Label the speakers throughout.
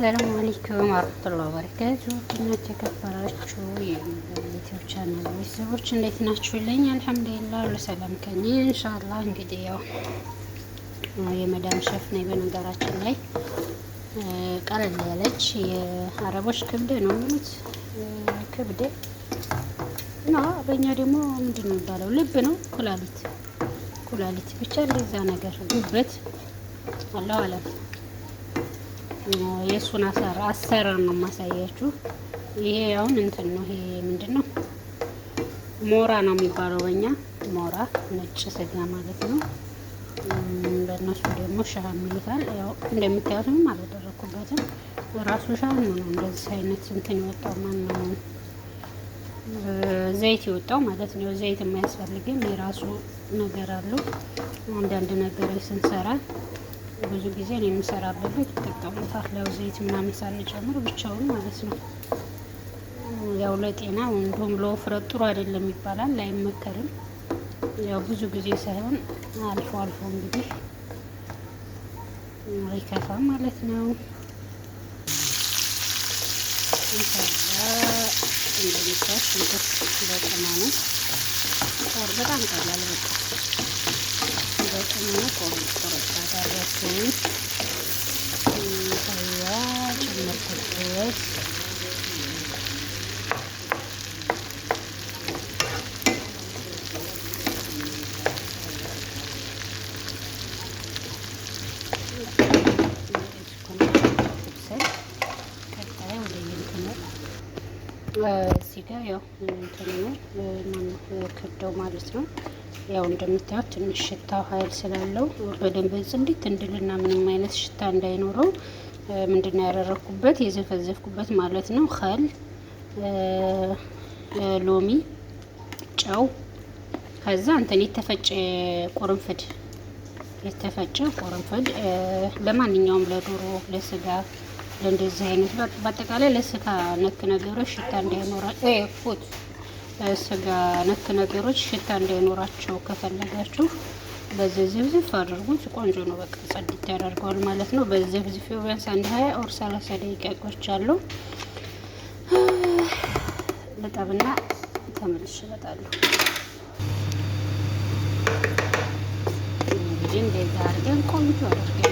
Speaker 1: አሰላሙ አለይኩም ወራህመቱላሂ ወበረካቱ እና ተከበራችሁ የዩቲዩብ ቻናል ቤተሰቦች እንዴት ናችሁልኝ? አልሐምዱሊላህ ሁሉ ሰላም ከኝ ኢንሻአላህ። እንግዲህ ያው የመዳም ሸፍ ነኝ። በነገራችን ላይ ቀለል ያለች የአረቦች ክብደ ነው የሚሉት ክብደ እና በእኛ ደግሞ ምንድን ነው የሚባለው ልብ ነው ኩላሊት ኩላሊት ብቻ እንደዛ ነገር ጉበት አላሁ አለም የእሱን አሰራር ነው የማሳያችሁ። ይሄ አሁን እንትን ነው። ይሄ ምንድን ነው? ሞራ ነው የሚባለው በእኛ ሞራ፣ ነጭ ስጋ ማለት ነው። በእነሱ ደግሞ ሻም ይሉታል። ያው እንደምታዩት ምንም አላደረኩበትም። ራሱ ሻም ነው እንደዚህ አይነት እንትን የወጣው ማን ነው ዘይት የወጣው ማለት ነው። ዘይት የማያስፈልግም የራሱ ነገር አለው። አንዳንድ ነገሮች ስንሰራ ብዙ ጊዜ ነው የምሰራበት ቤት ይጠቀሙታል። ያው ዘይት ምናምን ሳንጨምር ብቻውን ማለት ነው። ያው ለጤና እንዲሁም ለውፍረት ጥሩ አይደለም ይባላል፣ አይመከርም። ያው ብዙ ጊዜ ሳይሆን አልፎ አልፎ እንግዲህ አይከፋ ማለት ነው። እንደሚታሽ ሽንኩርት በቅማ ነው። በጣም ቀላል በቃ አደረግንና ቆረጥ ቆረጥ አደረግን። ታያ ጨመርኩበት። እዚህ ጋር ያው እንትኑ ክብደው ማለት ነው ያው እንደምታዩት ትንሽ ሽታው ኃይል ስላለው በደንብ ጽድት እንድልና ምንም አይነት ሽታ እንዳይኖረው ምንድነው ያደረኩበት የዘፈዘፍኩበት ማለት ነው። ኸል፣ ሎሚ፣ ጨው ከዛ እንትን የተፈጨ ቁርንፍድ የተፈጨ ቁርንፍድ ለማንኛውም ለዶሮ፣ ለስጋ፣ ለእንደዚህ አይነት በአጠቃላይ ለስጋ ነክ ነገሮች ሽታ እንዳይኖራል ፉት ስጋ ነክ ነገሮች ሽታ እንዳይኖራቸው ከፈለጋችሁ በዚህ ዝብዝፍ አድርጉት። ቆንጆ ነው። በቃ ጸድት ያደርገዋል ማለት ነው። በዚህ ዝብዝፍ ቢያንስ አንድ ሀያ ኦር ሰላሳ ደቂቃ ይቆያሉ። ልጠብና ተመልሼ እመጣለሁ። እንግዲህ እንደዛ አድርገን ቆንጆ አድርገን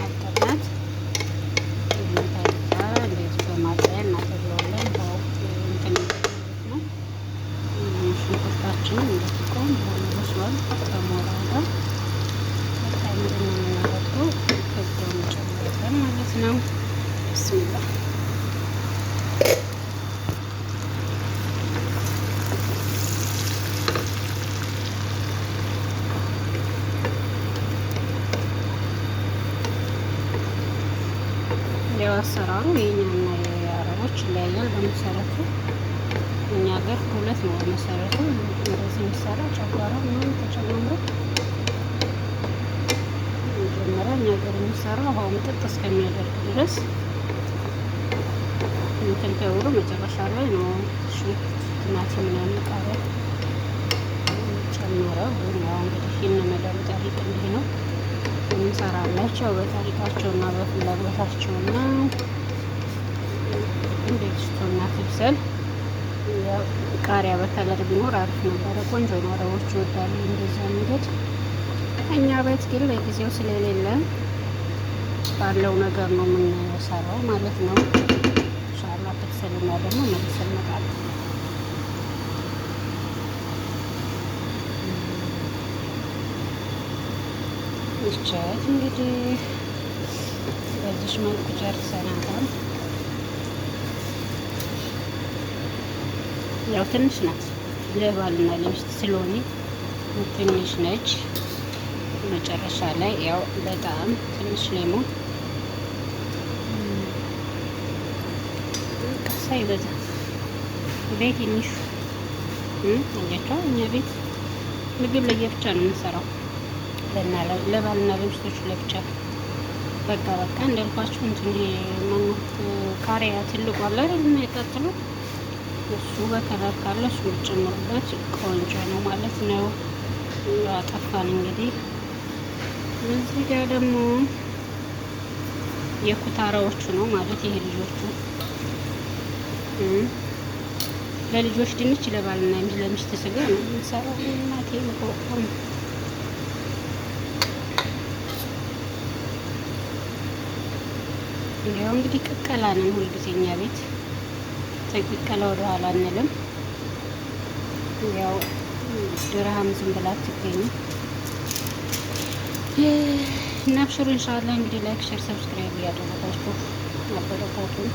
Speaker 1: አሰራሩ የኛና የአረቦች ይለያያል። በመሰረቱ እኛ ሀገር ሁለት ነው በመሰረቱ እንደዚህ የሚሰራ ጨጓራ ምናምን ተጨማምሮ መጀመሪያ እኛ ሀገር የሚሰራ ውሃው ምጥጥ እስከሚያደርግ ድረስ እንትን ተብሎ መጨረሻ ላይ ነው ቲማቲም ምናምን ቃሪያ ጨምረው። ያው እንግዲህ ይህን መዳሩ ጠሪቅ እንዲህ ነው። እንሰራላቸው በፍላጎታቸው እና እንዴት ስቶና ትብሰል ቃሪያ በከለር ቢኖር አሪፍ ነበረ። ቆንጆ ነው። አረቦች ይወዳሉ እንደዛ መንገድ። እኛ ቤት ግን ለጊዜው ስለሌለ ባለው ነገር ነው የምንሰራው ማለት ነው። ኢንሻአላህ ትብሰልና ደግሞ መልስ እንመጣለን። ብቻት እንግዲህ በዚሽ መልኩ ጨርሰናታል። ያው ትንሽ ናት ለባልና ለሚስት ስለሆነ ትንሽ ነች። መጨረሻ ላይ ያው በጣም ትንሽ ሌሞን ሳይበዛ ቤት ይንሹ እያቸው እኛ ቤት ምግብ ለየብቻ ነው የምንሰራው። ለባልና ለሚስቶች ለብቻ በቃ በቃ እንዳልኳችሁ እንትን ማናት ቃሪያ ትልቁ አለ የሚቀጥለው እሱ በከለር ካለ እሱ ጨምሩበት። ቆንጆ ነው ማለት ነው። አጠፋን እንግዲህ እዚህ ጋር ደግሞ የኩታራዎቹ ነው ማለት ይሄ ልጆቹ ለልጆች ድንች ለባልና ለሚስት ስጋ ነው የምንሰራው። እናቴ ይሄው እንግዲህ ቅቀላ ነው ሁልጊዜ እኛ ቤት ቅቀላ ወደኋላ አንልም። ያው ድርሃም ዝም ብላ ትገኝ እና አብሽሩ ኢንሻአላህ እንግዲህ ላይክ፣ ሼር፣ ሰብስክራይብ እያደረጋችሁ አበረታቱን።